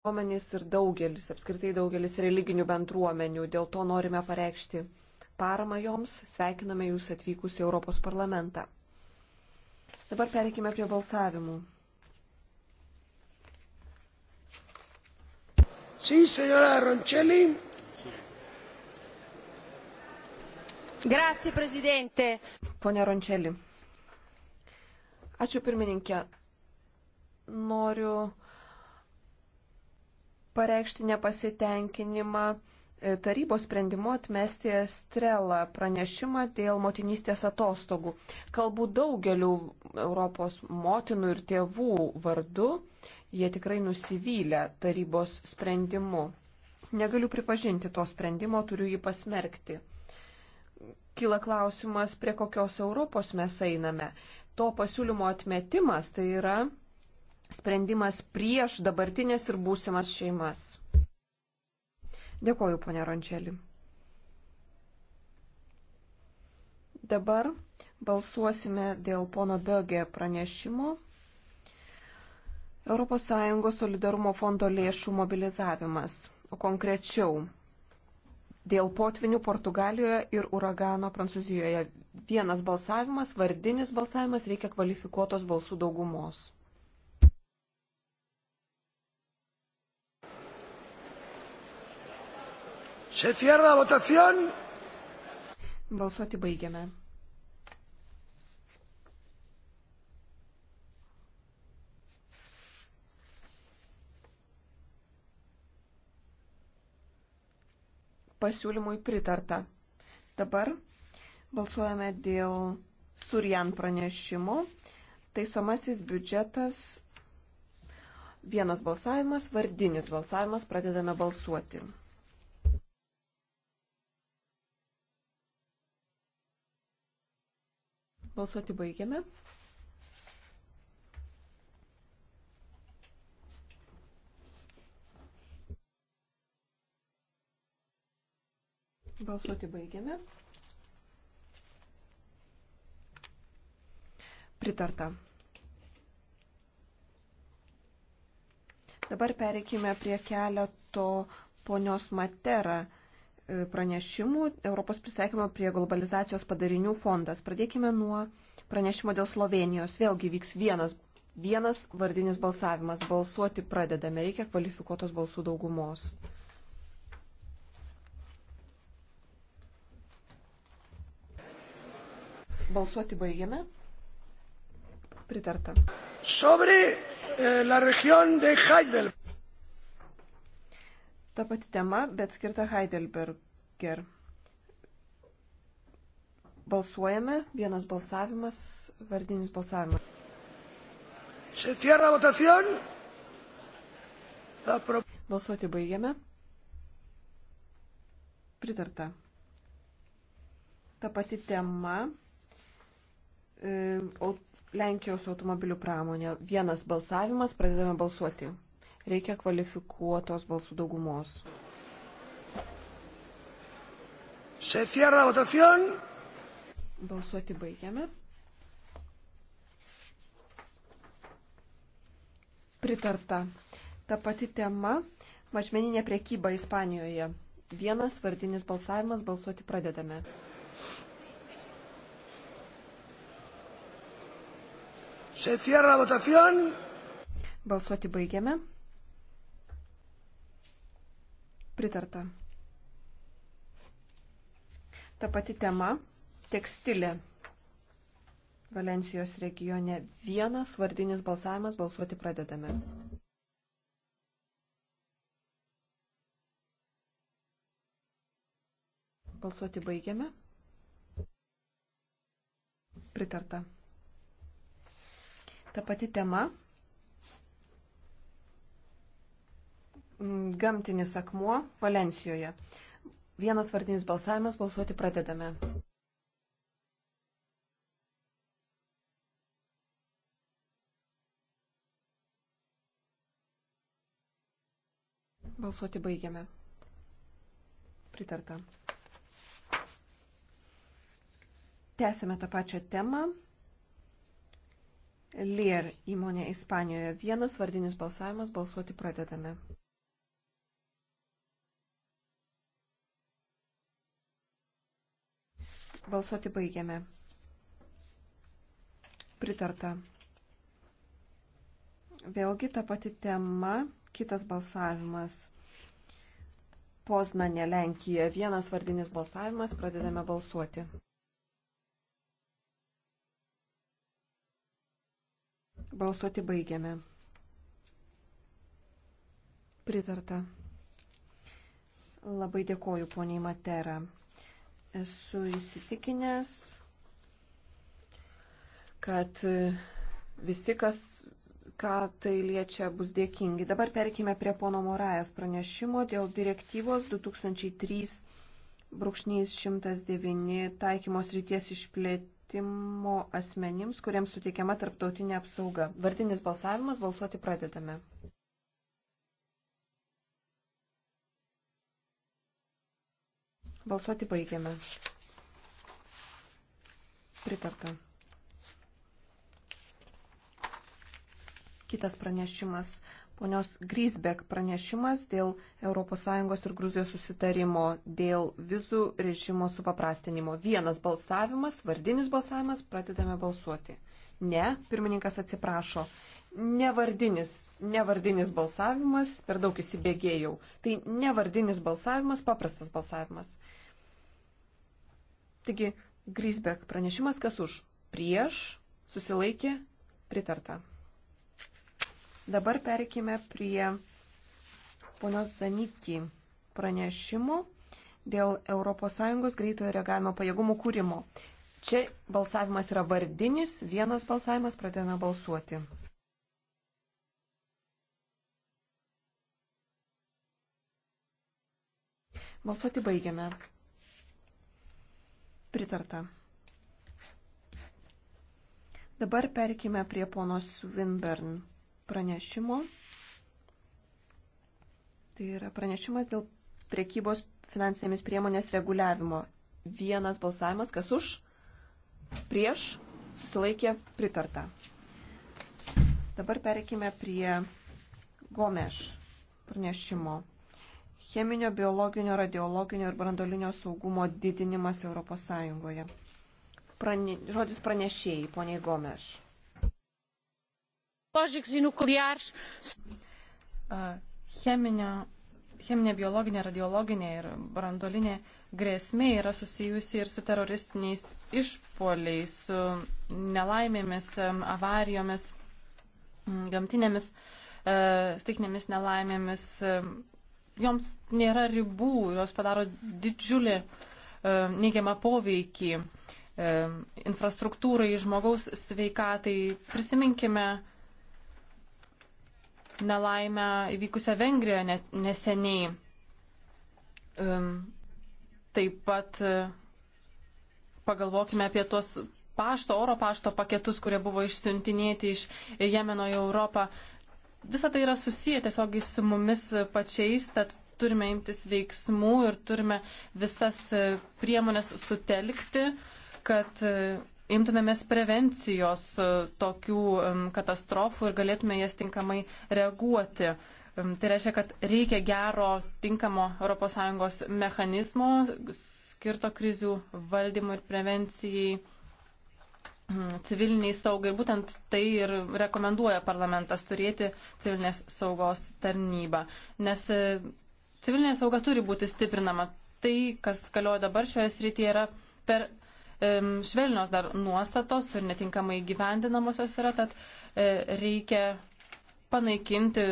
bendruomenės ir daugelis, apskritai daugelis religinių bendruomenių. Dėl to norime pareikšti paramą joms. Sveikiname Jūs atvykus į Europos parlamentą. Dabar pereikime prie balsavimų. Sì, si, signora Roncelli. Grazie, Presidente. Pone Roncelli. Ačiū pirmininkė. Noriu pareikšti nepasitenkinimą e, tarybos sprendimu atmesti Estrelą pranešimą dėl motinystės atostogų. Kalbu daugeliu Europos motinų ir tėvų vardu, jie tikrai nusivylę tarybos sprendimu. Negaliu pripažinti to sprendimo, turiu jį pasmerkti. Kyla klausimas, prie kokios Europos mes einame. To pasiūlymo atmetimas tai yra sprendimas prieš dabartinės ir būsimas šeimas. Dėkoju, ponė Rončelį. Dabar balsuosime dėl pono Bögė pranešimo. ES solidarumo fondo lėšų mobilizavimas, o konkrečiau dėl potvinių Portugalijoje ir uragano Prancūzijoje. Vienas balsavimas, vardinis balsavimas, reikia kvalifikuotos balsų daugumos. Se cierra votación. Balsuoti baigiame. Pasiūlymui pritarta. Dabar balsuojame dėl Surjan pranešimo. Taisomasis biudžetas. Vienas balsavimas, vardinis balsavimas, pradedame balsuoti. Balsuoti baigiame. Balsuoti baigiame. Pritarta. Dabar pereikime prie keleto ponios Matera pranešimų Europos pristaikymo prie globalizacijos padarinių fondas. Pradėkime nuo pranešimo dėl Slovenijos. Vėlgi vyks vienas, vienas vardinis balsavimas. Balsuoti pradedame. Reikia kvalifikuotos balsų daugumos. Balsuoti baigiame. Pritarta. Sobre eh, la región de Heidelberg. Ta pati tema, bet skirta Heidelberger. Balsuojame, vienas balsavimas, vardinis balsavimas. Se cierra votación. La pro... Balsuoti baigiame. Pritarta. Ta pati tema. E, Lenkijos automobilių pramonė. Vienas balsavimas, pradedame balsuoti reikia kvalifikuotos balsų daugumos. Balsuoti baigiame. Pritarta. Ta pati tema - mažmeninė priekyba Ispanijoje. Vienas vardinis balsavimas balsuoti pradedame. Se cierra votación. Balsuoti baigiame. Pritarta. Ta pati tema - tekstilė. Valencijos regione vienas vardinis balsavimas balsuoti pradedame. Balsuoti baigiame. Pritarta. Ta pati tema gamtinis akmuo Valencijoje. Vienas vardinis balsavimas, balsuoti pradedame. Balsuoti baigiame. Pritarta. Tęsime tą pačią temą. Lier įmonė Ispanijoje. Vienas vardinis balsavimas, balsuoti pradedame. Balsuoti baigiame. Pritarta. Vėlgi ta pati tema, kitas balsavimas. Poznanė, Lenkija. Vienas vardinis balsavimas, pradedame balsuoti. Balsuoti baigiame. Pritarta. Labai dėkoju poniai Matera esu įsitikinęs, kad visi, kas, ką tai liečia, bus dėkingi. Dabar perkime prie pono Morajas pranešimo dėl direktyvos 2003-109 taikymos ryties išplėtimo asmenims, kuriems suteikiama tarptautinė apsauga. Vardinis balsavimas, balsuoti pradedame. Balsuoti baigiame. Pritarta. Kitas pranešimas. Ponios Grisbek pranešimas dėl ES ir Gruzijos susitarimo dėl vizų režimo supaprastinimo. Vienas balsavimas, vardinis balsavimas, pradedame balsuoti. Ne, pirmininkas atsiprašo nevardinis, nevardinis balsavimas, per daug įsibėgėjau. Tai nevardinis balsavimas, paprastas balsavimas. Taigi, Grisbek pranešimas, kas už, prieš, susilaikė, pritarta. Dabar perikime prie ponios Zanikį pranešimų dėl ES greitojo reagavimo pajėgumų kūrimo. Čia balsavimas yra vardinis, vienas balsavimas, pradėjome balsuoti. Balsuoti baigiame. Pritarta. Dabar perkime prie ponos Winburn pranešimo. Tai yra pranešimas dėl priekybos finansinėmis priemonės reguliavimo. Vienas balsavimas, kas už, prieš, susilaikė, pritarta. Dabar perkime prie Gomeš pranešimo cheminio, biologinio, radiologinio ir brandolinio saugumo didinimas ES. Prane, žodis pranešėjai, poniai Gomeš. E cheminio, cheminė, biologinė, radiologinė ir brandolinė grėsmė yra susijusi ir su teroristiniais išpoliais, su nelaimėmis, avarijomis, gamtinėmis, e, stiknėmis nelaimėmis, joms nėra ribų, jos padaro didžiulį e, neigiamą poveikį e, infrastruktūrai, žmogaus sveikatai. Prisiminkime nelaimę įvykusią Vengrijoje ne, neseniai. E, taip pat e, pagalvokime apie tuos pašto, oro pašto paketus, kurie buvo išsiuntinėti iš Jemeno į Europą. Visa tai yra susiję tiesiogiai su mumis pačiais, tad turime imtis veiksmų ir turime visas priemonės sutelkti, kad e, imtumėmės prevencijos e, tokių katastrofų ir galėtume jas tinkamai reaguoti. Tai reiškia, kad reikia gero, tinkamo ES mechanizmo skirto krizių valdymui ir prevencijai. Mhm, civiliniai saugai. Būtent tai ir rekomenduoja parlamentas turėti civilinės saugos tarnybą. Nes e, civilinė sauga turi būti stiprinama. Tai, kas galioja dabar šioje srityje, yra per um, švelnios dar nuostatos ir netinkamai gyvendinamosios yra, tad e, reikia panaikinti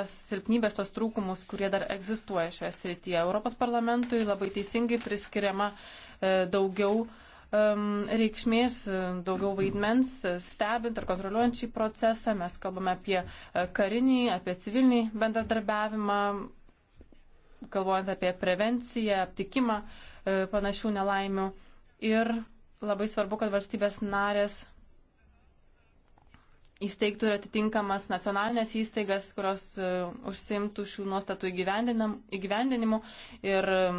tas silpnybės, tos trūkumus, kurie dar egzistuoja šioje srityje. Europos parlamentui labai teisingai priskiriama e, daugiau e, um, reikšmės, uh, daugiau vaidmens uh, stebint ir kontroliuojant šį procesą. Mes kalbame apie uh, karinį, apie civilinį bendradarbiavimą, kalbant apie prevenciją, aptikimą panašių nelaimių. Ir labai svarbu, kad valstybės narės įsteigtų ir atitinkamas nacionalinės įstaigas, kurios užsimtų šių nuostatų įgyvendinimu ir um,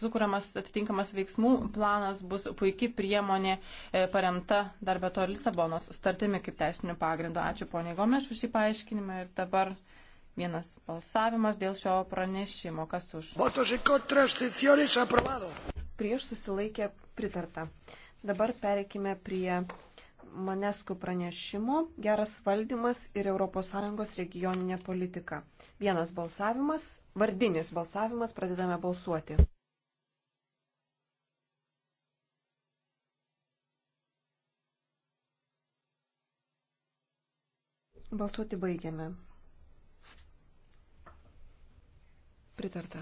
sukūriamas atitinkamas veiksmų planas bus puikiai priemonė e, paremta dar be to Lisabonos sutartimi kaip teisiniu pagrindu. Ačiū poniai Gomeš už šį paaiškinimą ir dabar vienas balsavimas dėl šio pranešimo. Kas už? Prieš susilaikė pritarta. Dabar pereikime prie Maneskų pranešimo Geras valdymas ir ES regioninė politika. Vienas balsavimas, vardinis balsavimas, pradedame balsuoti. Balsuoti baigiame. Pritarta.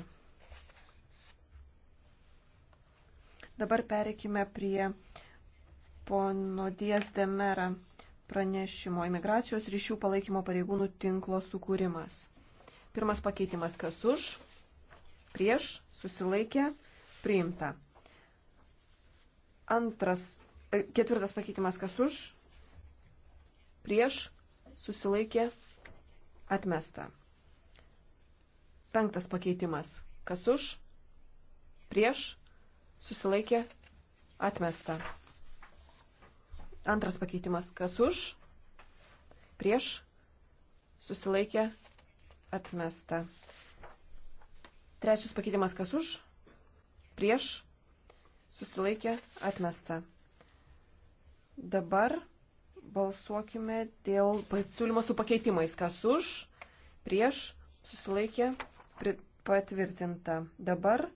Dabar pereikime prie pono Dies de Mera pranešimo imigracijos ryšių palaikymo pareigūnų tinklo sukūrimas. Pirmas pakeitimas kas už, prieš, susilaikė, priimta. Antras, e, ketvirtas pakeitimas kas už, prieš, susilaikė, atmesta. Penktas pakeitimas. Kas už, prieš, susilaikė, atmesta. Antras pakeitimas. Kas už, prieš, susilaikė, atmesta. Trečias pakeitimas. Kas už, prieš, susilaikė, atmesta. Dabar balsuokime dėl pasiūlymo su pakeitimais. Kas už, prieš, susilaikė, patvirtinta. Dabar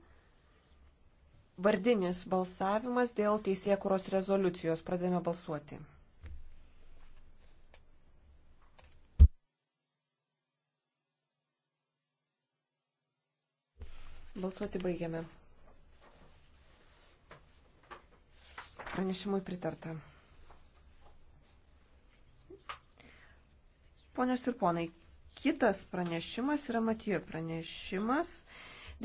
vardinis balsavimas dėl teisėkuros rezoliucijos. Pradėjome balsuoti. Balsuoti baigiame. Pranešimui pritarta. Ponios ir ponai, kitas pranešimas yra Matijo pranešimas.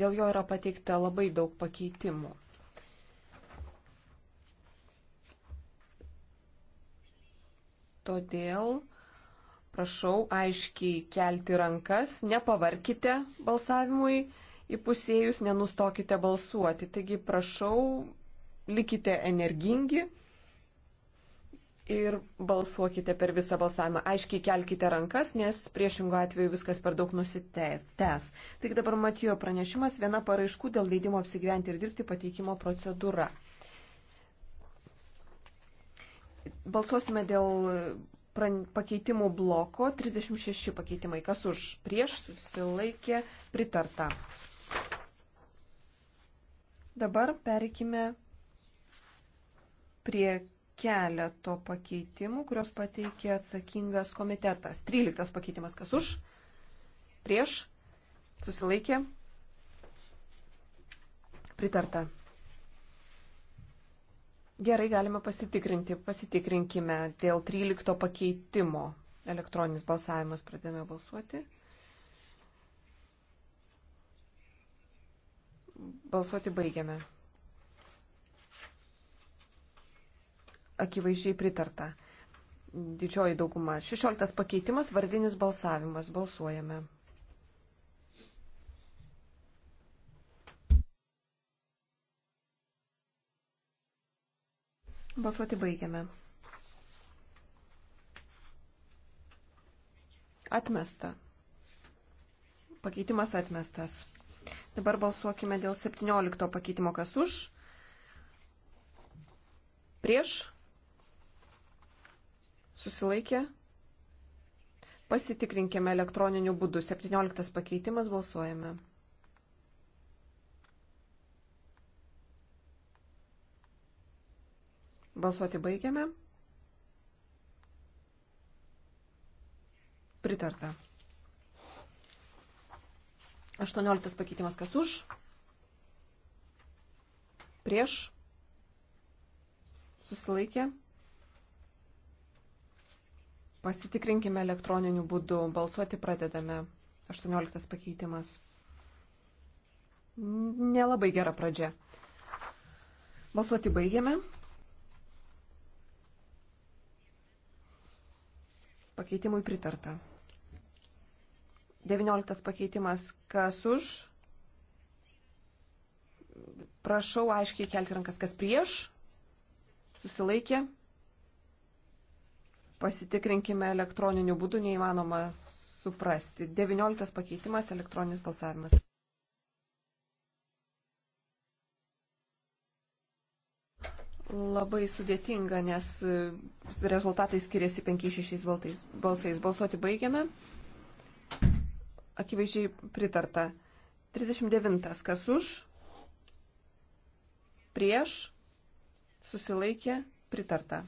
Dėl jo yra pateikta labai daug pakeitimų. Todėl prašau aiškiai kelti rankas, nepavarkite balsavimui įpusėjus, nenustokite balsuoti. Taigi prašau, likite energingi ir balsuokite per visą balsavimą. Aiškiai kelkite rankas, nes priešingų atveju viskas per daug nusitęs. Tik dabar Matijo pranešimas viena paraiškų dėl leidimo apsigyventi ir dirbti pateikimo procedūra. Balsuosime dėl pakeitimų bloko. 36 pakeitimai. Kas už? Prieš susilaikė pritarta. Dabar perikime prie keleto pakeitimų, kurios pateikė atsakingas komitetas. 13 pakeitimas kas už, prieš, susilaikė, pritarta. Gerai, galime pasitikrinti. Pasitikrinkime dėl 13 pakeitimo. Elektroninis balsavimas pradėjome balsuoti. Balsuoti baigiame. akivaizdžiai pritarta. Didžioji dauguma. 16 pakeitimas, vardinis balsavimas. Balsuojame. Balsuoti baigiame. Atmesta. Pakeitimas atmestas. Dabar balsuokime dėl 17 pakeitimo, kas už, prieš, Susilaikė? Pasitikrinkime elektroniniu būdu. 17 pakeitimas balsuojame. Balsuoti baigiame. Pritarta. 18 pakeitimas kas už? Prieš? Susilaikė? Pasitikrinkime elektroniniu būdu. Balsuoti pradedame. 18 pakeitimas. Nelabai gera pradžia. Balsuoti baigiame. Pakeitimui pritarta. 19 pakeitimas. Kas už? Prašau aiškiai kelti rankas, kas prieš. Susilaikė. Pasitikrinkime elektroniniu būdu, neįmanoma suprasti. 19 pakeitimas - elektroninis balsavimas. Labai sudėtinga, nes rezultatai skiriasi 5-6 balsais. Balsuoti baigiame. Akivaizdžiai pritarta. 39. Kas už? Prieš? Susilaikė? Pritarta.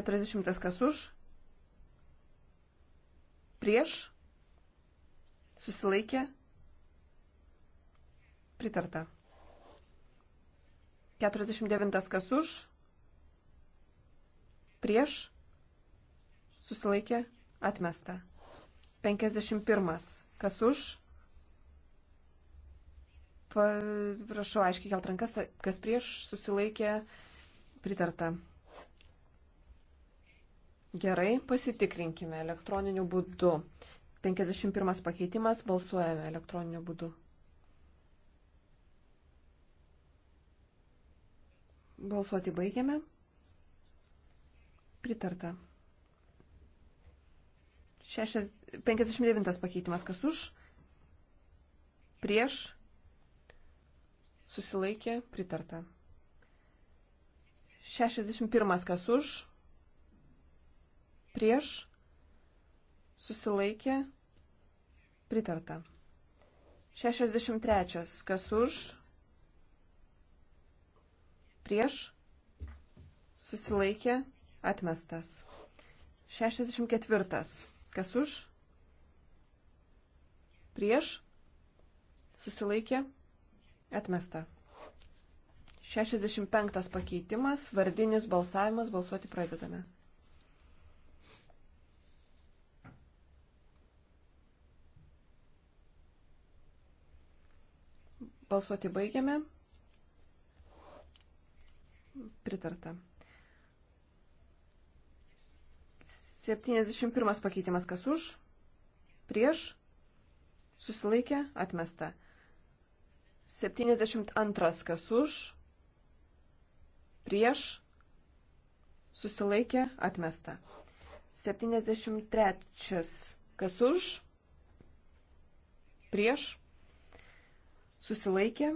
40 kas už, prieš, susilaikė, pritarta. 49 kas už, prieš, susilaikė, atmesta. 51 kas už, prašau aiškiai kelt rankas, kas prieš, susilaikė, pritarta. Gerai, pasitikrinkime elektroniniu būdu. 51 pakeitimas, balsuojame elektroniniu būdu. Balsuoti baigiame. Pritarta. 59 pakeitimas, kas už, prieš, susilaikė, pritarta. 61 kas už, prieš, susilaikė, pritarta. 63. Kas už, prieš, susilaikė, atmestas. 64. Kas už, prieš, susilaikė, atmesta. 65 pakeitimas, vardinis balsavimas, balsuoti pradedame. Balsuoti baigiame. Pritarta. 71 pakeitimas kas už, prieš, susilaikė, atmesta. 72 kas už, prieš, susilaikė, atmesta. 73 kas už, prieš, susilaikė,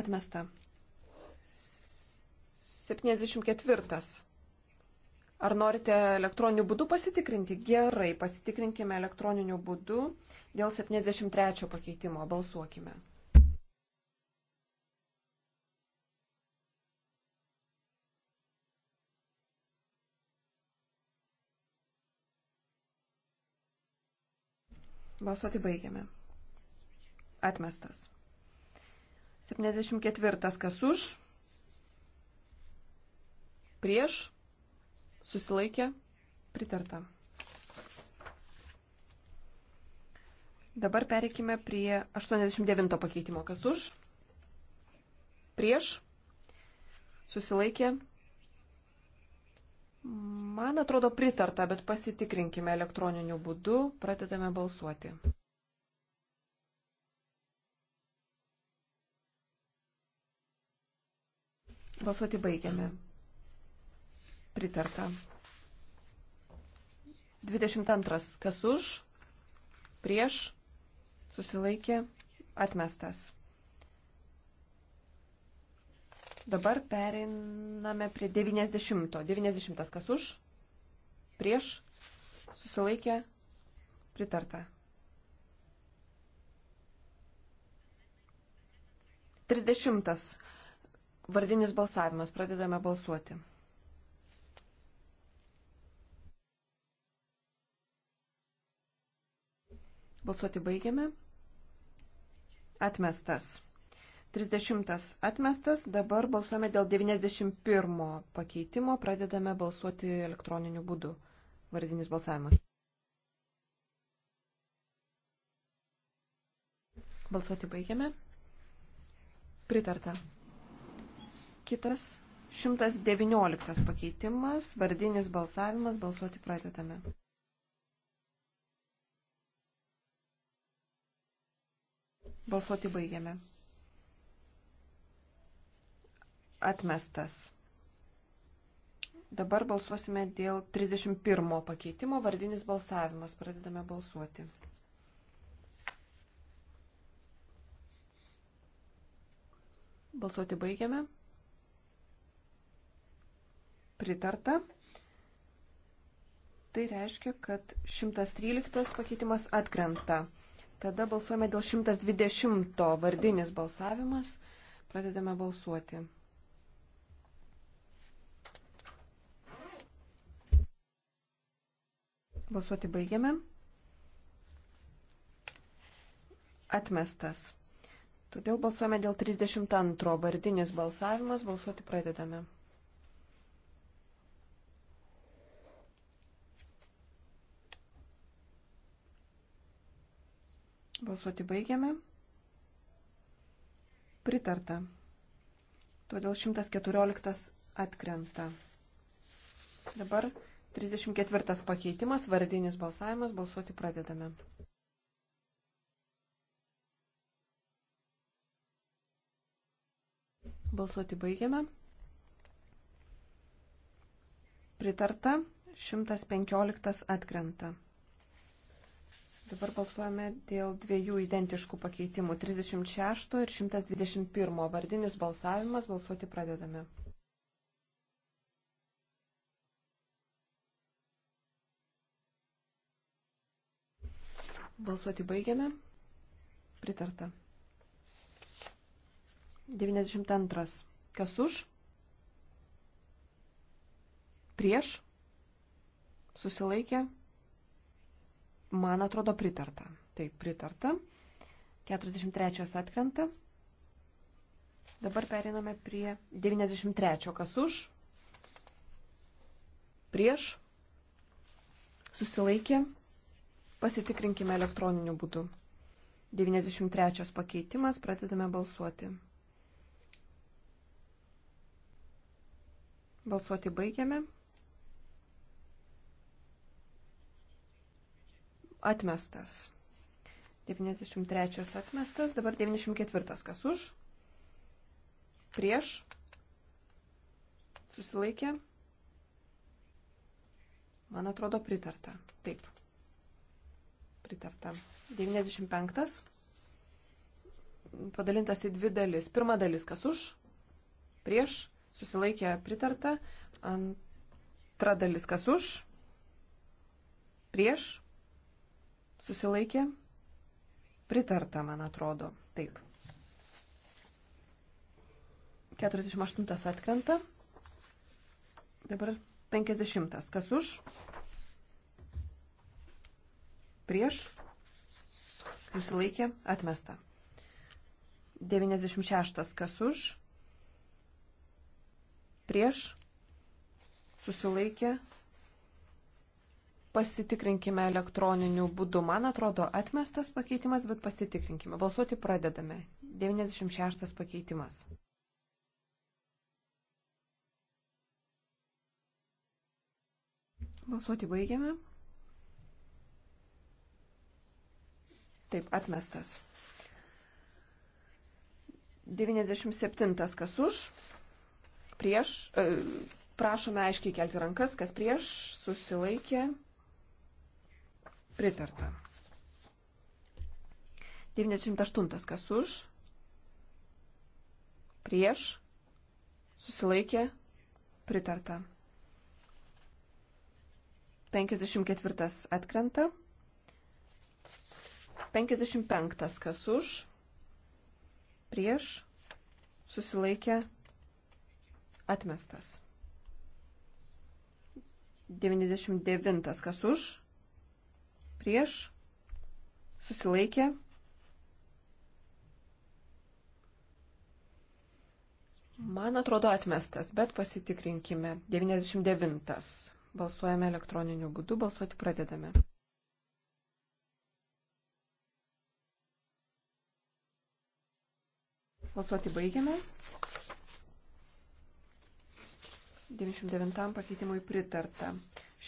atmesta. 74. Ar norite elektroniniu būdu pasitikrinti? Gerai, pasitikrinkime elektroniniu būdu dėl 73 pakeitimo. Balsuokime. Balsuoti baigiame. Atmestas. 74. Kas už? Prieš? Susilaikė? Pritarta. Dabar pereikime prie 89 pakeitimo. Kas už? Prieš? Susilaikė? Man atrodo pritarta, bet pasitikrinkime elektroniniu būdu, pradedame balsuoti. Balsuoti baigiame. Pritarta. 22. Kas už? Prieš? Susilaikė? Atmestas. Dabar pereiname prie 90. 90. Kas už? Prieš? Susilaikė? Pritarta. 30. Vardinis balsavimas. Pradedame balsuoti. Balsuoti baigiame. Atmestas. 30 atmestas. Dabar balsuojame dėl 91 pakeitimo. Pradedame balsuoti elektroniniu būdu. Vardinis balsavimas. Balsuoti baigiame. Pritarta. Kitas 119 pakeitimas, vardinis balsavimas, balsuoti pradedame. Balsuoti baigiame. Atmestas. Dabar balsuosime dėl 31 pakeitimo, vardinis balsavimas, pradedame balsuoti. Balsuoti baigiame pritarta. Tai reiškia, kad 113 pakeitimas atkrenta. Tada balsuojame dėl 120 vardinis balsavimas. Pradedame balsuoti. Balsuoti baigiame. Atmestas. Todėl balsuojame dėl 32 vardinis balsavimas. Balsuoti pradedame. Balsuoti baigiame. Pritarta. Todėl 114 atkrenta. Dabar 34 pakeitimas, vardinis balsavimas, balsuoti pradedame. Balsuoti baigiame. Pritarta, 115 atkrenta. Dabar balsuojame dėl dviejų identiškų pakeitimų - 36 ir 121. Vardinis balsavimas. Balsuoti pradedame. Balsuoti baigiame. Pritarta. 92. Kas už? Prieš? Susilaikė? Man atrodo pritarta. Taip, pritarta. 43 atkrenta. Dabar periname prie 93. Kas už? Prieš? Susilaikė? Pasitikrinkime elektroniniu būdu. 93 pakeitimas, pradedame balsuoti. Balsuoti baigiame. atmestas. 93 atmestas, dabar 94 kas už, prieš, susilaikė, man atrodo pritarta, taip, pritarta. 95 padalintas į dvi dalis, pirma dalis kas už, prieš, susilaikė pritarta, antra dalis kas už, prieš, Susilaikė? Pritarta, man atrodo. Taip. 48 atkrenta. Dabar 50. Kas už? Prieš? Susilaikė? Atmesta. 96. Kas už? Prieš? Susilaikė? pasitikrinkime elektroniniu būdu. Man atrodo, atmestas pakeitimas, bet pasitikrinkime. Balsuoti pradedame. 96 pakeitimas. Balsuoti baigiame. Taip, atmestas. 97 kas už, prieš, e, prašome aiškiai kelti rankas, kas prieš, susilaikė, Pritarta. 98. Kas už? Prieš? Susilaikė? Pritarta. 54. Atkrenta. 55. Kas už? Prieš? Susilaikė? Atmestas. 99. Kas už? prieš, susilaikė. Man atrodo atmestas, bet pasitikrinkime. 99. Balsuojame elektroniniu būdu, balsuoti pradedame. Balsuoti baigiame. 99 pakeitimui pritarta.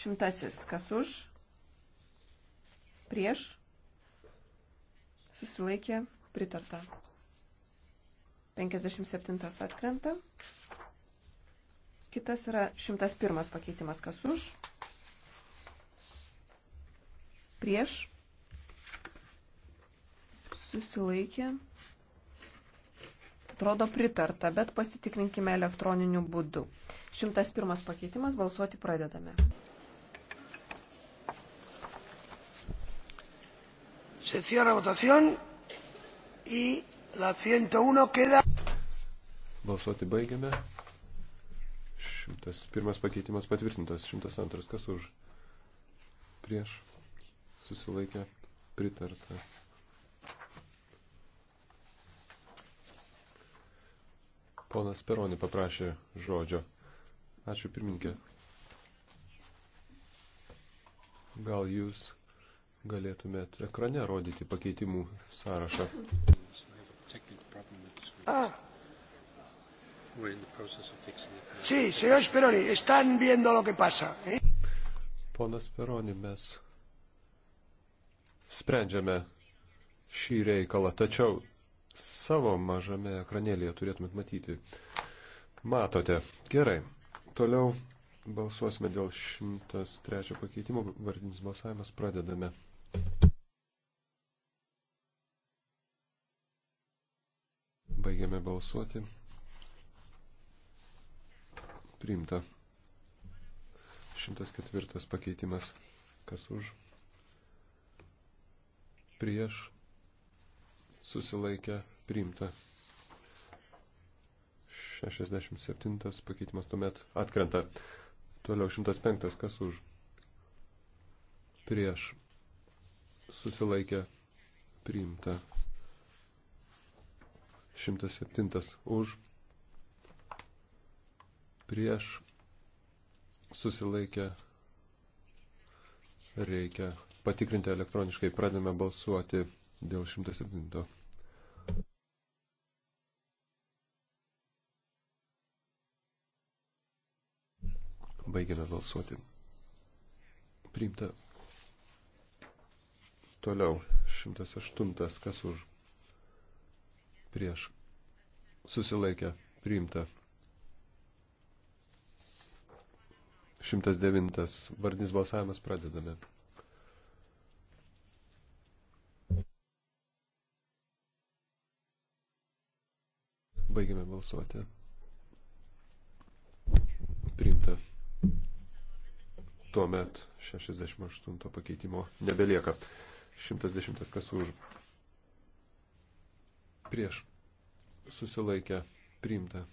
Šimtasis, kas už, prieš, susilaikė, pritarta. 57 atkrenta. Kitas yra 101 pakeitimas, kas už, prieš, susilaikė, atrodo pritarta, bet pasitikrinkime elektroniniu būdu. 101 pakeitimas, balsuoti pradedame. Se cierra votación y la 101 queda. Balsuoti baigiame. 101 pakeitimas patvirtintas. 102 kas už. Prieš. Susilaikę. Pritarta. Ponas Peroni paprašė žodžio. Ačiū pirminkė. Gal jūs galėtumėt ekrane rodyti pakeitimų sąrašą. Ah. Sí, señor Speroni, están viendo lo que pasa. Eh? Ponas Speroni, mes sprendžiame šį reikalą, tačiau savo mažame ekranėlėje turėtumėt matyti. Matote. Gerai. Toliau balsuosime dėl 103 pakeitimo. Vardinis balsavimas pradedame. Baigiame balsuoti. Priimta. 104 pakeitimas. Kas už? Prieš. Susilaikę. Priimta. 67 pakeitimas tuomet atkrenta. Toliau 105. Kas už? Prieš. Susilaikę. Priimta. 107 už, prieš susilaikę reikia patikrinti elektroniškai, pradėme balsuoti dėl 107. Baigiame balsuoti. Priimta. Toliau. 108. Kas už? prieš susilaikę priimta. 109. Vardinis balsavimas pradedame. Baigiame balsuoti. Priimta. Tuomet 68 pakeitimo nebelieka. 110 kas už prieš susilaikę priimta.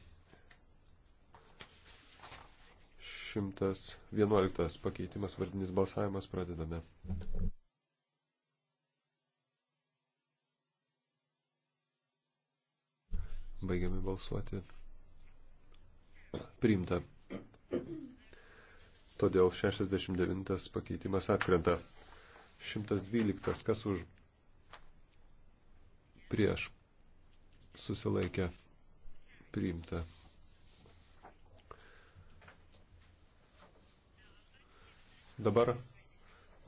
111 pakeitimas vardinis balsavimas pradedame. Baigiame balsuoti. Priimta. Todėl 69 pakeitimas atkrenta. 112. Kas už? Prieš susilaikė priimta. Dabar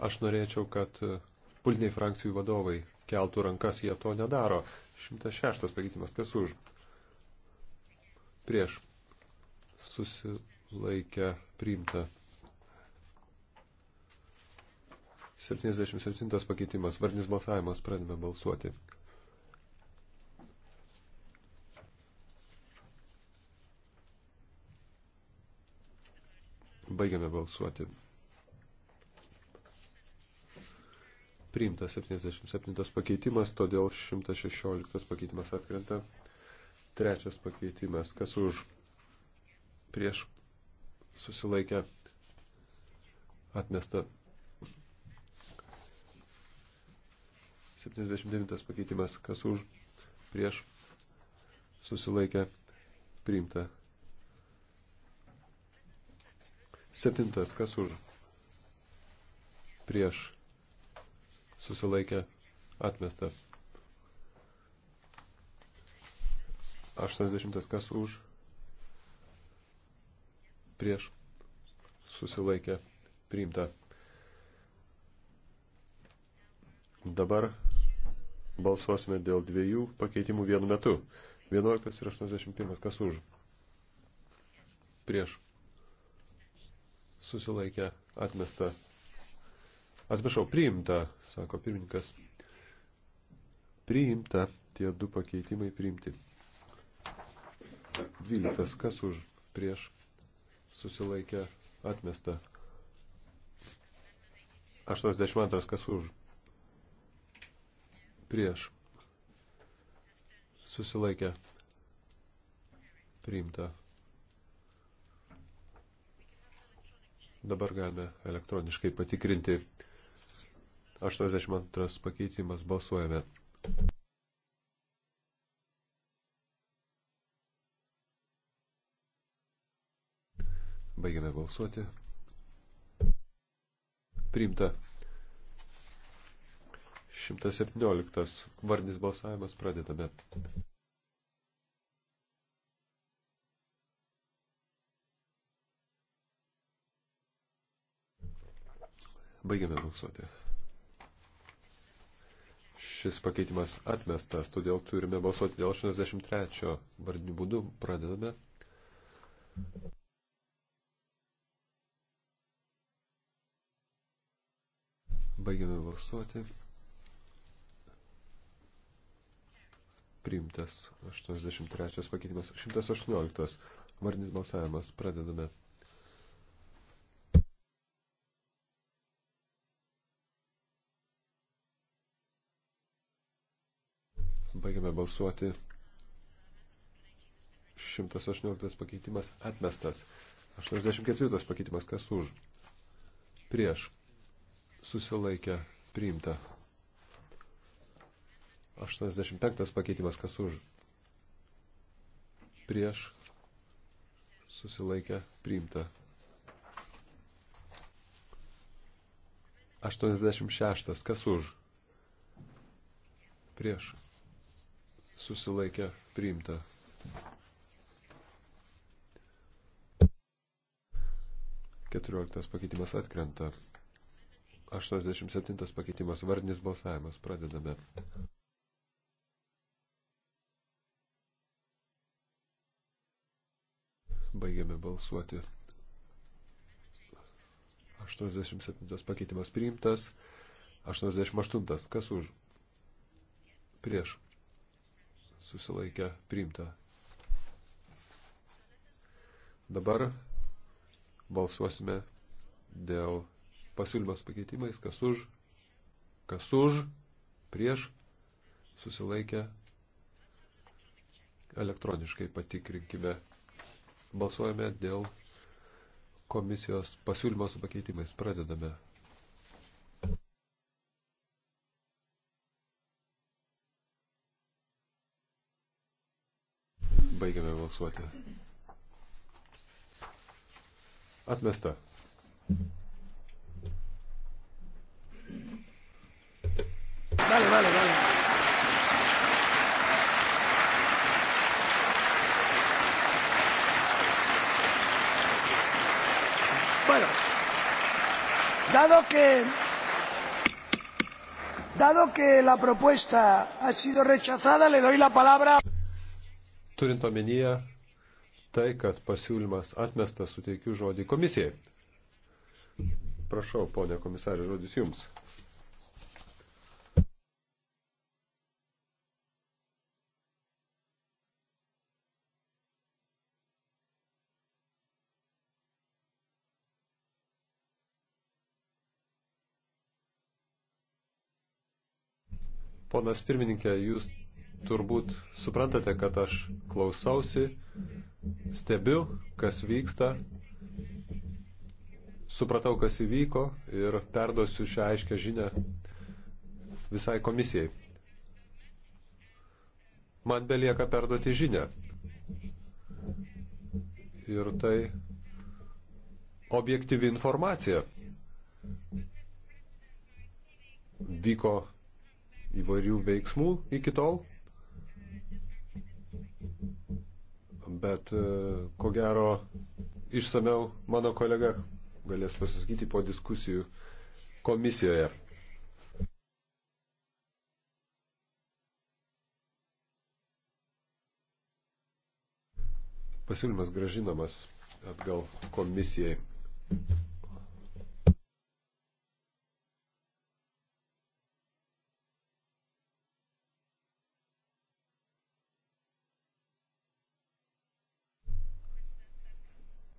aš norėčiau, kad pultiniai frakcijų vadovai keltų rankas, jie to nedaro. 106 pakeitimas, kas už? Prieš susilaikę priimta. 77 pakeitimas, vardinis balsavimas, pradėme balsuoti. Baigiame balsuoti. Priimtas 77 pakeitimas, todėl 116 pakeitimas atkrenta. Trečias pakeitimas, kas už prieš susilaikę atmesta. 79 pakeitimas, kas už prieš susilaikę priimta. Septintas, kas už? Prieš. Susilaikė. Atmesta. Aštuonisdešimtas, kas už? Prieš. Susilaikė. Priimta. Dabar balsuosime dėl dviejų pakeitimų vienu metu. 11 ir 81. Kas už? Prieš susilaikė atmesta. Atsiprašau, priimta, sako pirmininkas. Priimta, tie du pakeitimai priimti. Dvyliktas, kas už prieš susilaikė atmesta. 82, kas už prieš susilaikė priimta. Dabar galime elektroniškai patikrinti. 82 pakeitimas balsuojame. Baigiame balsuoti. Priimta. 117 vardinis balsavimas pradedame. Baigiame balsuoti. Šis pakeitimas atmestas, todėl turime balsuoti dėl 83 vardinių būdų. Pradedame. Baigiame balsuoti. Priimtas 83 pakeitimas. 118 vardinis balsavimas. Pradedame. Baigiame balsuoti. 118 pakeitimas atmestas. 84 pakeitimas kas už. Prieš. Susilaikę. Priimta. 85 pakeitimas kas už. Prieš. Susilaikę. Priimta. 86 kas už. Prieš susilaikė priimta. Keturioliktas pakeitimas atkrenta. 87 pakeitimas vardinis balsavimas. Pradedame. Baigiame balsuoti. 87 pakeitimas priimtas. 88. Kas už? Prieš susilaikę priimta. Dabar balsuosime dėl pasiūlymas pakeitimais, kas už, kas už, prieš, susilaikę elektroniškai patikrinkime. Balsuojame dėl komisijos pasiūlymo su pakeitimais. Pradedame. Baigiame balsuoti. Atmesta. Vale, vale, vale. Bueno, dado que, dado que la propuesta ha sido rechazada, le doy la palabra turint omenyje tai, kad pasiūlymas atmestas, suteikiu žodį komisijai. Prašau, ponė komisarė, žodis jums. Ponas pirmininkė, jūs turbūt suprantate, kad aš klausausi, stebiu, kas vyksta, supratau, kas įvyko ir perduosiu šią aiškę žinę visai komisijai. Man belieka perduoti žinę. Ir tai objektyvi informacija. Vyko įvairių veiksmų iki tol, bet e, ko gero išsameu mano kolega galės pasisakyti po diskusijų komisijoje. Pasiūlymas gražinamas atgal komisijai.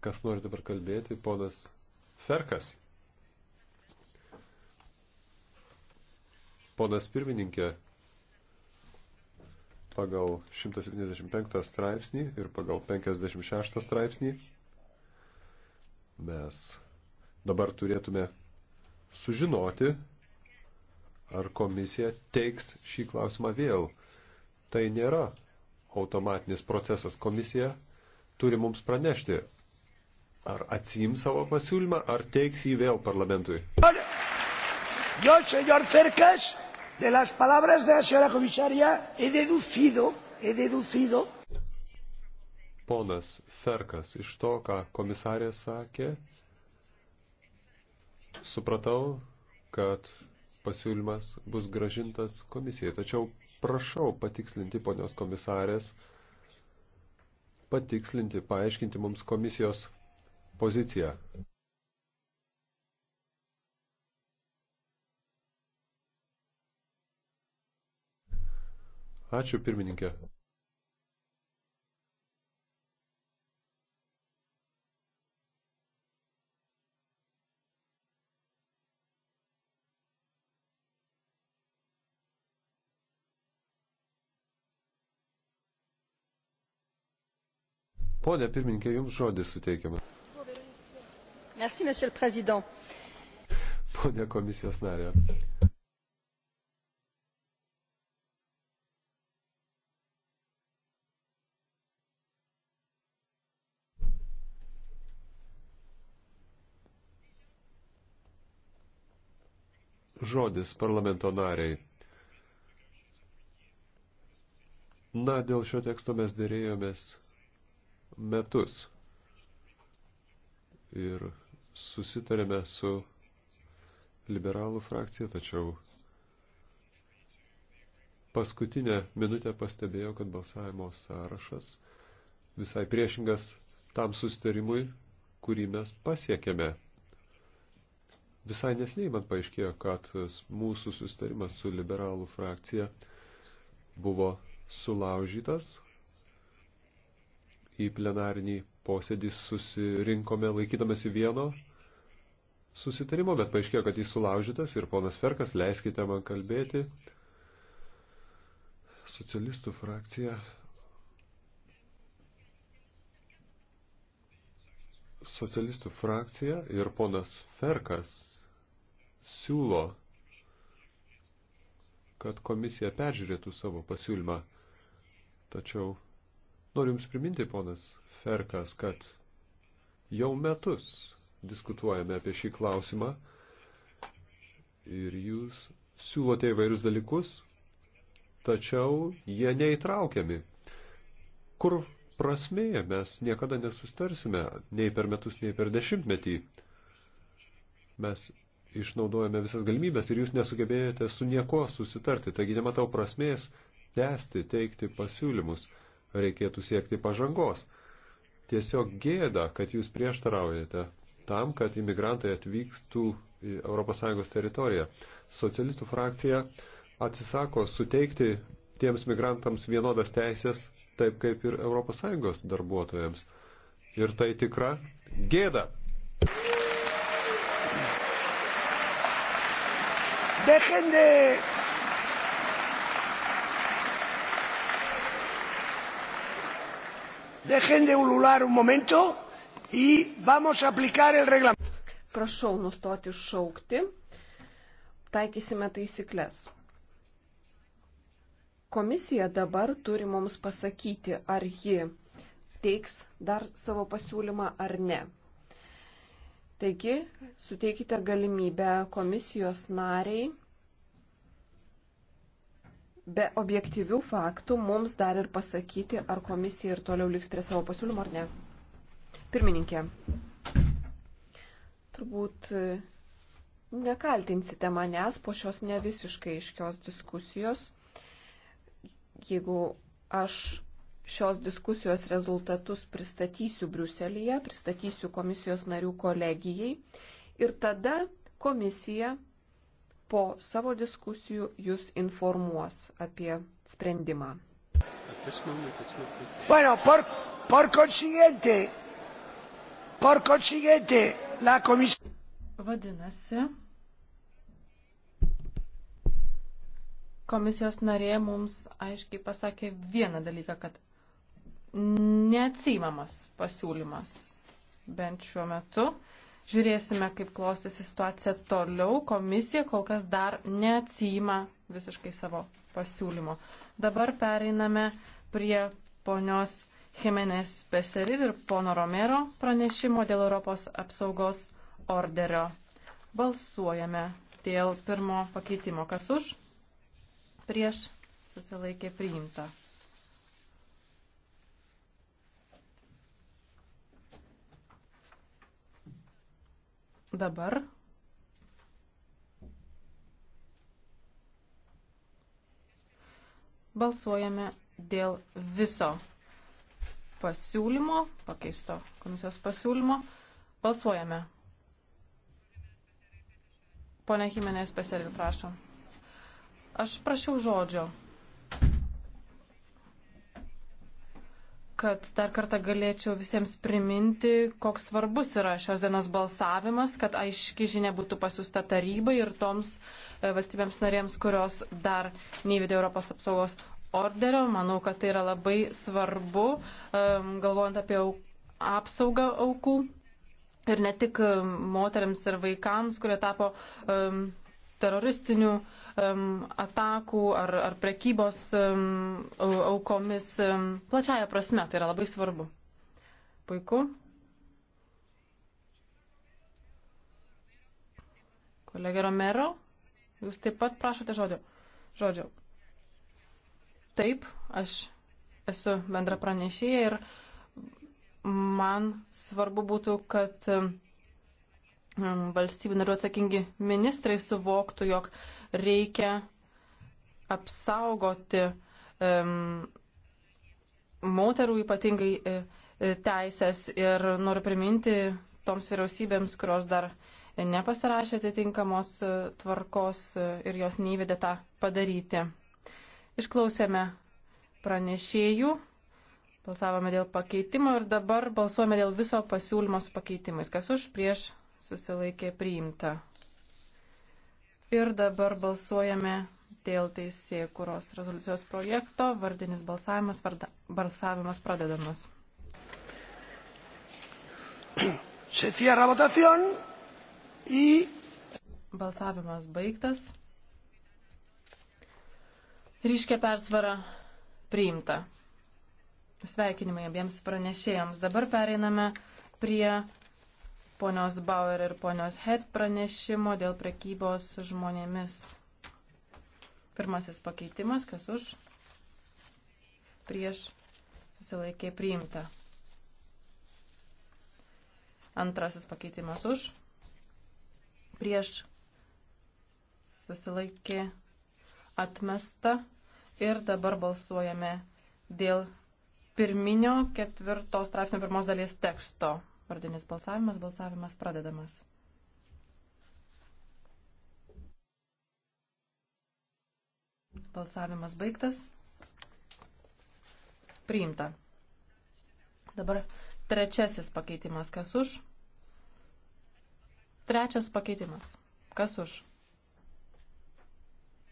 Kas nori dabar kalbėti? Ponas Ferkas. Ponas pirmininkė, pagal 175 straipsnį ir pagal 56 straipsnį mes dabar turėtume sužinoti, ar komisija teiks šį klausimą vėl. Tai nėra automatinis procesas. Komisija turi mums pranešti, ar atsim savo pasiūlymą, ar teiks jį vėl parlamentui. Yo, señor Cercas, de las palabras de la señora comisaria he deducido, he deducido. Ponas Ferkas, iš to, ką komisarė sakė, supratau, kad pasiūlymas bus gražintas komisijai. Tačiau prašau patikslinti ponios komisarės, patikslinti, paaiškinti mums komisijos poziciją. Ačiū pirmininkė. Pone pirmininkė, jums žodis suteikiamas. Merci, monsieur le président. Pone komisijos narė. žodis parlamento nariai. Na, dėl šio teksto mes dėrėjomės metus. Ir susitarėme su liberalų frakcija, tačiau paskutinę minutę pastebėjau, kad balsavimo sąrašas visai priešingas tam susitarimui, kurį mes pasiekėme. Visai nesniai man paaiškėjo, kad mūsų susitarimas su liberalų frakcija buvo sulaužytas į plenarinį posėdį susirinkome laikydamasi vieno susitarimo, bet paaiškėjo, kad jis sulaužytas ir ponas Ferkas, leiskite man kalbėti. Socialistų frakcija. Socialistų frakcija ir ponas Ferkas siūlo, kad komisija peržiūrėtų savo pasiūlymą. Tačiau Noriu Jums priminti, ponas Ferkas, kad jau metus diskutuojame apie šį klausimą ir Jūs siūlote įvairius dalykus, tačiau jie neįtraukiami. Kur prasmėje mes niekada nesustarsime, nei per metus, nei per dešimtmetį. Mes išnaudojame visas galimybės ir jūs nesugebėjote su nieko susitarti, taigi nematau prasmės tęsti, teikti pasiūlymus reikėtų siekti pažangos. Tiesiog gėda, kad jūs prieštaraujate tam, kad imigrantai atvyktų į ES teritoriją. Socialistų frakcija atsisako suteikti tiems migrantams vienodas teisės, taip kaip ir ES darbuotojams. Ir tai tikra gėda. Dejen de Dejen de ulular un momento y vamos a aplicar el reglamento. Prašau nustoti šaukti. Taikysime taisyklės. Komisija dabar turi mums pasakyti, ar ji teiks dar savo pasiūlymą ar ne. Taigi, suteikite galimybę komisijos nariai be objektyvių faktų mums dar ir pasakyti, ar komisija ir toliau liks prie savo pasiūlymo ar ne. Pirmininkė, turbūt e, nekaltinsite manęs po šios nevisiškai iškios diskusijos, jeigu aš šios diskusijos rezultatus pristatysiu Briuselėje, pristatysiu komisijos narių kolegijai ir tada komisija po savo diskusijų jūs informuos apie sprendimą. Bueno, por, por consiguiente, por consiguiente, la komisija. Vadinasi, komisijos narė mums aiškiai pasakė vieną dalyką, kad neatsimamas pasiūlymas bent šiuo metu. Žiūrėsime, kaip klostysi situacija toliau. Komisija kol kas dar neatsima visiškai savo pasiūlymo. Dabar pereiname prie ponios Jimenez Peseril ir pono Romero pranešimo dėl Europos apsaugos orderio. Balsuojame dėl pirmo pakeitimo. Kas už? Prieš susilaikė priimta. Dabar balsuojame dėl viso pasiūlymo, pakeisto komisijos pasiūlymo. Balsuojame. Pone Jimenez Peselį, prašom. Aš prašiau žodžio. kad dar kartą galėčiau visiems priminti, koks svarbus yra šios dienos balsavimas, kad aiški žinia būtų pasiūsta tarybai ir toms e, valstybėms narėms, kurios dar neįvedė Europos apsaugos orderio. Manau, kad tai yra labai svarbu, e, galvojant apie apsaugą aukų ir ne tik e, moteriams ir vaikams, kurie tapo teroristinių uh, um, atakų ar, ar prekybos um, aukomis um, plačiaja prasme. Tai yra labai svarbu. Puiku. Kolegė Romero, jūs taip pat prašote žodžio. žodžio. Taip, aš esu bendra pranešėja ir man svarbu būtų, kad um, valstybių narių atsakingi ministrai suvoktų, jog reikia apsaugoti um, moterų ypatingai e, e, teisės ir noriu priminti toms vyriausybėms, kurios dar nepasirašė atitinkamos e, tvarkos ir jos neįvedė tą padaryti. Išklausėme pranešėjų, balsavome dėl pakeitimo ir dabar balsuojame dėl viso pasiūlymo su pakeitimais. Kas už prieš susilaikė priimta. Ir dabar balsuojame dėl teisėkuros rezoliucijos projekto. Vardinis balsavimas, varda, balsavimas pradedamas. Se cierra votación y... Balsavimas baigtas. Ryškia persvara priimta. Sveikinimai abiems pranešėjams. Dabar pereiname prie ponios Bauer ir ponios Het pranešimo dėl prekybos žmonėmis. Pirmasis pakeitimas, kas už, prieš, susilaikė priimta. Antrasis pakeitimas už, prieš, susilaikė atmesta. Ir dabar balsuojame dėl pirminio ketvirtos straipsnio pirmos dalies teksto. Vardinis balsavimas, balsavimas pradedamas. Balsavimas baigtas. Priimta. Dabar trečiasis pakeitimas. Kas už? Trečias pakeitimas. Kas už?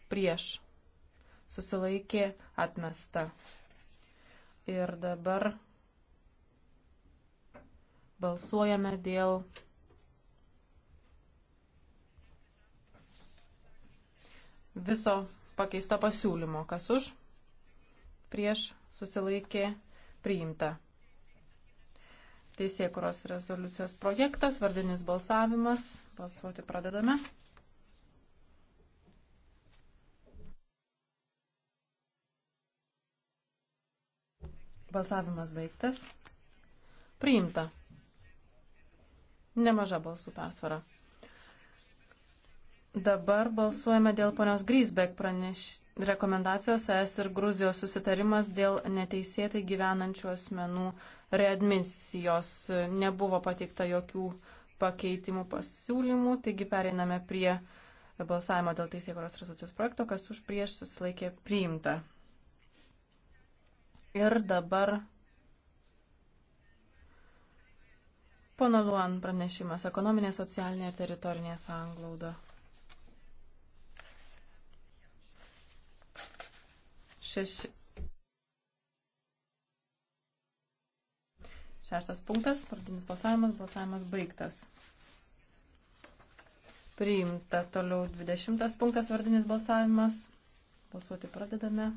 Prieš. Susilaikė atmesta. Ir dabar Balsuojame dėl viso pakeisto pasiūlymo. Kas už? Prieš susilaikė priimta. Teisėkuros rezoliucijos projektas, vardinis balsavimas. Balsuoti pradedame. Balsavimas baigtas. Priimta nemaža balsų persvara. Dabar balsuojame dėl ponios Grisbek praneš rekomendacijos ES ir Gruzijos susitarimas dėl neteisėtai gyvenančių asmenų readmisijos. Nebuvo pateikta jokių pakeitimų pasiūlymų, taigi pereiname prie balsavimo dėl teisėkuros rezoliucijos projekto, kas už prieš susilaikė priimta. Ir dabar Pono Luan pranešimas - ekonominė, socialinė ir teritorinė sanglauda. Šeši. Šeštas punktas, pradinis balsavimas, balsavimas baigtas. Priimta toliau 20 punktas, vardinis balsavimas. Balsuoti pradedame.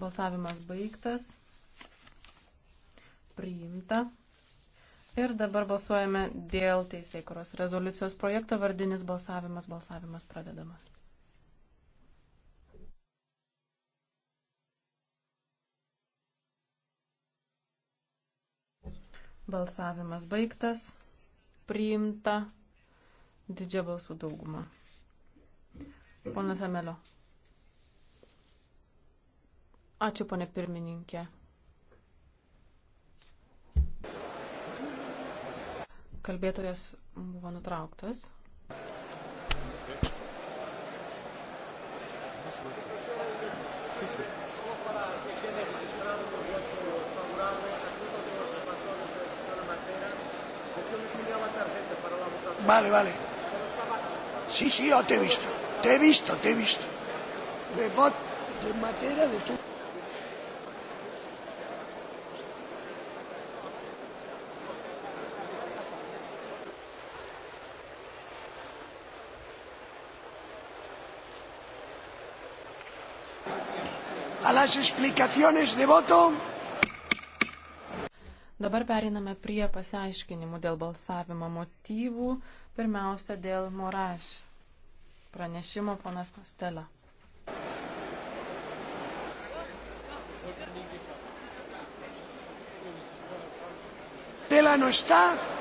Balsavimas baigtas. Priimta. Ir dabar balsuojame dėl teisėkuros rezoliucijos projekto vardinis balsavimas. Balsavimas pradedamas. Balsavimas baigtas. Priimta didžia balsų dauguma. Ponas Amelio. Ačiū, ponė pirmininkė. Kalbėtojas buvo nutrauktas. Sí, sí. Vale, vale. Sí, sí, yo te he visto. Te he visto, te he visto. De, de materia de tu. las explicaciones de voto. Dabar pereiname prie pasiaiškinimų dėl balsavimo motyvų. Pirmiausia, dėl Moraš pranešimo ponas Kostela. Tela no está,